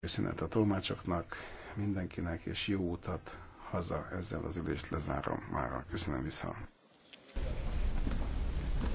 Köszönet a tolmácsoknak, mindenkinek, és jó utat haza. Ezzel az ülést lezárom már. Köszönöm vissza.